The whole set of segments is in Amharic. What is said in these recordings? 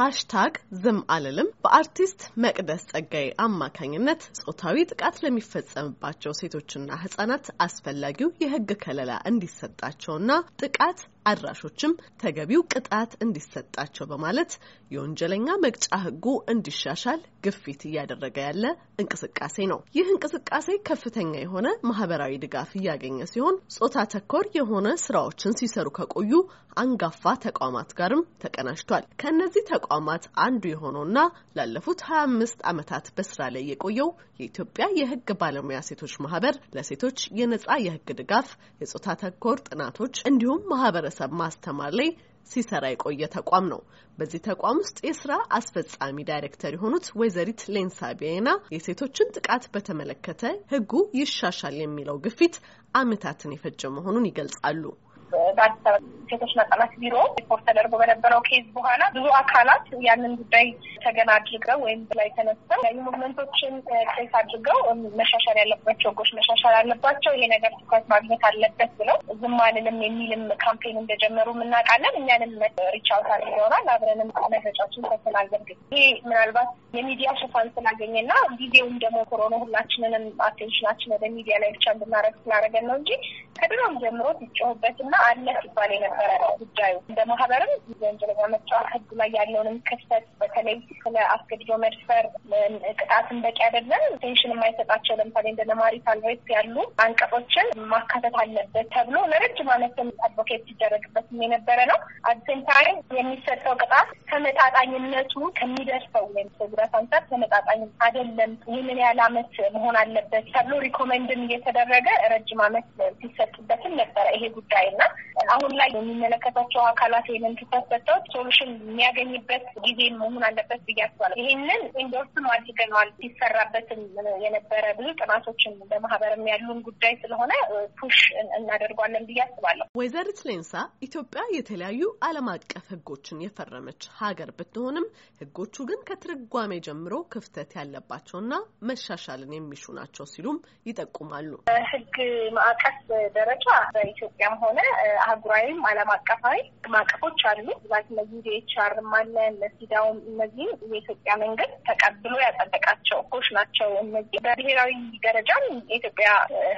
ሀሽታግ ዝም አልልም በአርቲስት መቅደስ ጸጋዬ አማካኝነት ጾታዊ ጥቃት ለሚፈጸምባቸው ሴቶችና ህጻናት አስፈላጊው የህግ ከለላ እንዲሰጣቸውና ጥቃት አድራሾችም ተገቢው ቅጣት እንዲሰጣቸው በማለት የወንጀለኛ መቅጫ ሕጉ እንዲሻሻል ግፊት እያደረገ ያለ እንቅስቃሴ ነው። ይህ እንቅስቃሴ ከፍተኛ የሆነ ማህበራዊ ድጋፍ እያገኘ ሲሆን ጾታ ተኮር የሆነ ስራዎችን ሲሰሩ ከቆዩ አንጋፋ ተቋማት ጋርም ተቀናጅቷል። ከእነዚህ ተቋማት አንዱ የሆነውና ላለፉት 2አምስት ዓመታት በስራ ላይ የቆየው የኢትዮጵያ የህግ ባለሙያ ሴቶች ማህበር ለሴቶች የነጻ የህግ ድጋፍ፣ የጾታ ተኮር ጥናቶች እንዲሁም ማህበረ ማህበረሰብ ማስተማር ላይ ሲሰራ የቆየ ተቋም ነው። በዚህ ተቋም ውስጥ የስራ አስፈጻሚ ዳይሬክተር የሆኑት ወይዘሪት ሌንሳ ቢና የሴቶችን ጥቃት በተመለከተ ህጉ ይሻሻል የሚለው ግፊት አመታትን የፈጀ መሆኑን ይገልጻሉ። በአዲስ አበባ ሴቶችና ህጻናት ቢሮ ሪፖርት ተደርጎ በነበረው ኬዝ በኋላ ብዙ አካላት ያንን ጉዳይ ተገና አድርገው ወይም ላይ ተነስተው ያዩ ሙቭመንቶችን ፕሬስ አድርገው መሻሻል ያለባቸው ህጎች መሻሻል አለባቸው፣ ይሄ ነገር ትኩረት ማግኘት አለበት ብለው ዝም አንልም የሚልም ካምፔን እንደጀመሩ እናውቃለን። እኛንም ሪች አውት አድርገውናል። አብረንም መረጫችን ተስተናገድ ይሄ ምናልባት የሚዲያ ሽፋን ስላገኘና ጊዜውም ደግሞ ኮሮኖ ሁላችንንም አቴንሽናችን ወደ ሚዲያ ላይ ብቻ እንድናረግ ስላደረገን ነው እንጂ ከድሮም ጀምሮ ሲጮሁበት እና አለ ሲባል የነበረ ጉዳዩ እንደ ማህበርም የወንጀለኛ መቅጫ ሕጉ ላይ ያለውንም ክፍተት በተለይ ስለ አስገድዶ መድፈር ቅጣትን በቂ አይደለም፣ ቴንሽን የማይሰጣቸው ለምሳሌ እንደ ማሪታል ሬፕ ያሉ አንቀጾችን ማካተት አለበት ተብሎ ለረጅም ዓመትም አድቮኬት ሲደረግበትም የነበረ ነው። አድሴም ታይም የሚሰጠው ቅጣት ተመጣጣኝነቱ ከሚደርሰው ወይም ጉዳት አንጻር ተመጣጣኝ አይደለም፣ ይህንን ያህል ዓመት መሆን አለበት ተብሎ ሪኮመንድም እየተደረገ ረጅም ዓመት ሲሰጡበትም ነበረ ይሄ ጉዳይ እና አሁን ላይ የሚመለከታቸው አካላት ይህንን ትኩረት ሰጥተው ሶሉሽን የሚያገኝበት ጊዜ መሆን አለበት ብዬ አስባለሁ። ይህንን ኢንዶርስም አድርገነዋል። ሲሰራበትም የነበረ ብዙ ጥናቶችን በማህበርም ያሉን ጉዳይ ስለሆነ ፑሽ እናደርጓለን ብዬ አስባለሁ። ወይዘሪት ሌንሳ ኢትዮጵያ የተለያዩ ዓለም አቀፍ ህጎችን የፈረመች ሀገር ብትሆንም ህጎቹ ግን ከትርጓሜ ጀምሮ ክፍተት ያለባቸውና መሻሻልን የሚሹ ናቸው ሲሉም ይጠቁማሉ። ህግ ማዕቀፍ ደረጃ በኢትዮጵያም ሆነ አህጉራዊም ዓለም አቀፋዊ ማዕቀፎች አሉ። ዛት እነዚህ ዲኤችአር አለ እነሲዳውም እነዚህም የኢትዮጵያ መንግስት ተቀብሎ ያጸደቃቸው ህጎች ናቸው። እነዚህ በብሔራዊ ደረጃም የኢትዮጵያ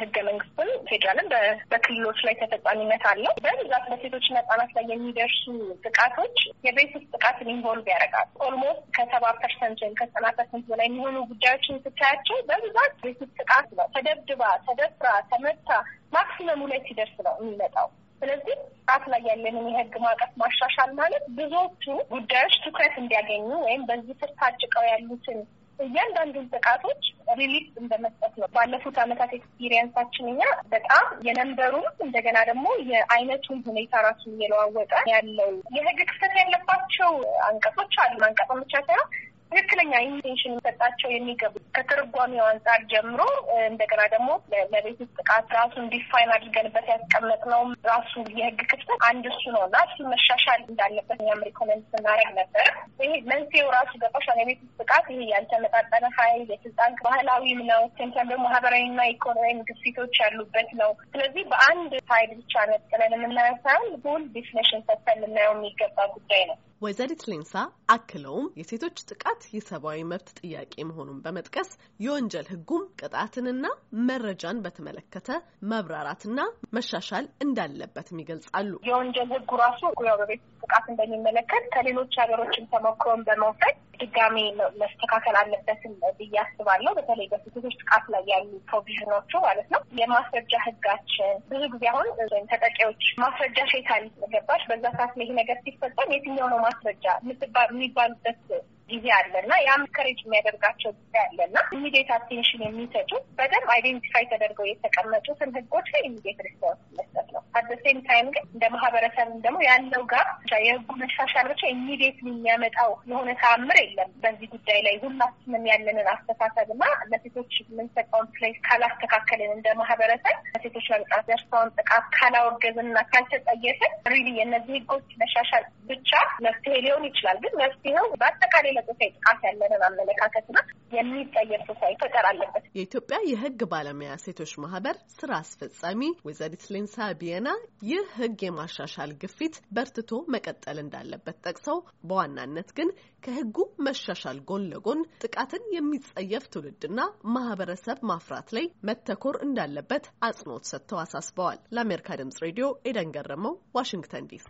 ህገ መንግስትም ፌዴራልም በክልሎች ላይ ተፈጻሚነት አለው። በብዛት በሴቶችና ህጻናት ላይ የሚደርሱ ጥቃቶች የቤት ውስጥ ጥቃትን ኢንቮልቭ ያደርጋል። ኦልሞስት ከሰባ ፐርሰንት ወይም ከዘጠና ፐርሰንት በላይ የሚሆኑ ጉዳዮችን ስታያቸው በብዛት ቤት ውስጥ ጥቃት ነው። ተደብድባ፣ ተደፍራ፣ ተመታ ማክሲመሙ ላይ ሲደርስ ነው የሚመጣው። ስለዚህ ጣት ላይ ያለንን የህግ ማዕቀፍ ማሻሻል ማለት ብዙዎቹ ጉዳዮች ትኩረት እንዲያገኙ ወይም በዚህ ስር ታጭቀው ያሉትን እያንዳንዱን ጥቃቶች ሪሊፍ እንደመስጠት ነው። ባለፉት ዓመታት ኤክስፒሪየንሳችን እኛ በጣም የነንበሩም እንደገና ደግሞ የአይነቱን ሁኔታ ራሱን እየለዋወጠ ያለው የህግ ክፍተት ያለባቸው አንቀጾች አሉ። አንቀጽ ብቻ ሳይሆን ትክክለኛ ኢንቴንሽን ሰጣቸው የሚገቡ ከትርጓሜው አንጻር ጀምሮ እንደገና ደግሞ ለቤት ውስጥ ጥቃት ራሱ እንዲፋይን አድርገንበት ያስቀመጥነው ራሱ የህግ ክፍተት አንድ እሱ ነው እና እሱ መሻሻል እንዳለበት እኛም ሪኮመንድ ስናደርግ ነበር። ይሄ መንስኤው ራሱ ገባሻል። የቤት ውስጥ ጥቃት ይሄ ያልተመጣጠነ ኃይል የስልጣን ባህላዊም ነው፣ ትንተን ደግሞ ማህበራዊና ኢኮኖሚያዊ ግፊቶች ያሉበት ነው። ስለዚህ በአንድ ሳይድ ብቻ ነጥለን የምናየው ሳይሆን ሁል ዲፍኔሽን ሰጥተን ልናየው የሚገባ ጉዳይ ነው። ወይዘሪት ሌንሳ አክለውም የሴቶች ጥቃት የሰብአዊ መብት ጥያቄ መሆኑን በመጥቀስ የወንጀል ህጉም ቅጣትንና መረጃን በተመለከተ መብራራትና መሻሻል እንዳለበትም ይገልጻሉ። የወንጀል ህጉ ራሱ ያው በቤት ጥቃት እንደሚመለከት ከሌሎች ሀገሮችን ተሞክሮን በመውሰድ ድጋሜ መስተካከል አለበትም ብዬ አስባለሁ። በተለይ በሴቶች ጥቃት ላይ ያሉ ፕሮቪዥኖቹ ማለት ነው። የማስረጃ ህጋችን ብዙ ጊዜ አሁን ተጠቂዎች ማስረጃ ሴታል ገባች በዛ ሰዓት ይሄ ነገር ሲፈጸም የትኛው ነው ማስረጃ የሚባሉበት ጊዜ አለ እና ያም ከሬጅ የሚያደርጋቸው ጊዜ አለ እና ኢሚዲየት አቴንሽን የሚሰጡ በደንብ አይዴንቲፋይ ተደርገው የተቀመጡትን ህጎች ላይ ኢሚዲየት ሪስፖንስ መስጠት ነው። ሴም ታይም ግን እንደ ማህበረሰብም ደግሞ ያለው ጋር የህጉ መሻሻል ብቻ ኢሚዲየት የሚያመጣው የሆነ ተአምር የለም። በዚህ ጉዳይ ላይ ሁላችንም ያለንን አስተሳሰብ እና ለሴቶች የምንሰጠውን ፕሌስ ካላስተካከልን እንደ ማህበረሰብ ለሴቶች መምጣት ደርሰውን ጥቃት ካላወገዝን እና ካልተጠየፍን ሪሊ የእነዚህ ህጎች መሻሻል ብቻ መፍትሄ ሊሆን ይችላል። ግን መፍትሄው በአጠቃላይ ለጾታዊ ጥቃት ያለንን አመለካከትና የሚቀየር ሶሳይ ፈጠር አለበት። የኢትዮጵያ የህግ ባለሙያ ሴቶች ማህበር ስራ አስፈጻሚ ወይዘሪት ሌንሳ ቢየና ይህ ህግ የማሻሻል ግፊት በርትቶ መቀጠል እንዳለበት ጠቅሰው በዋናነት ግን ከህጉ መሻሻል ጎን ለጎን ጥቃትን የሚጸየፍ ትውልድና ማህበረሰብ ማፍራት ላይ መተኮር እንዳለበት አጽንኦት ሰጥተው አሳስበዋል። ለአሜሪካ ድምጽ ሬዲዮ ኤደን ገረመው፣ ዋሽንግተን ዲሲ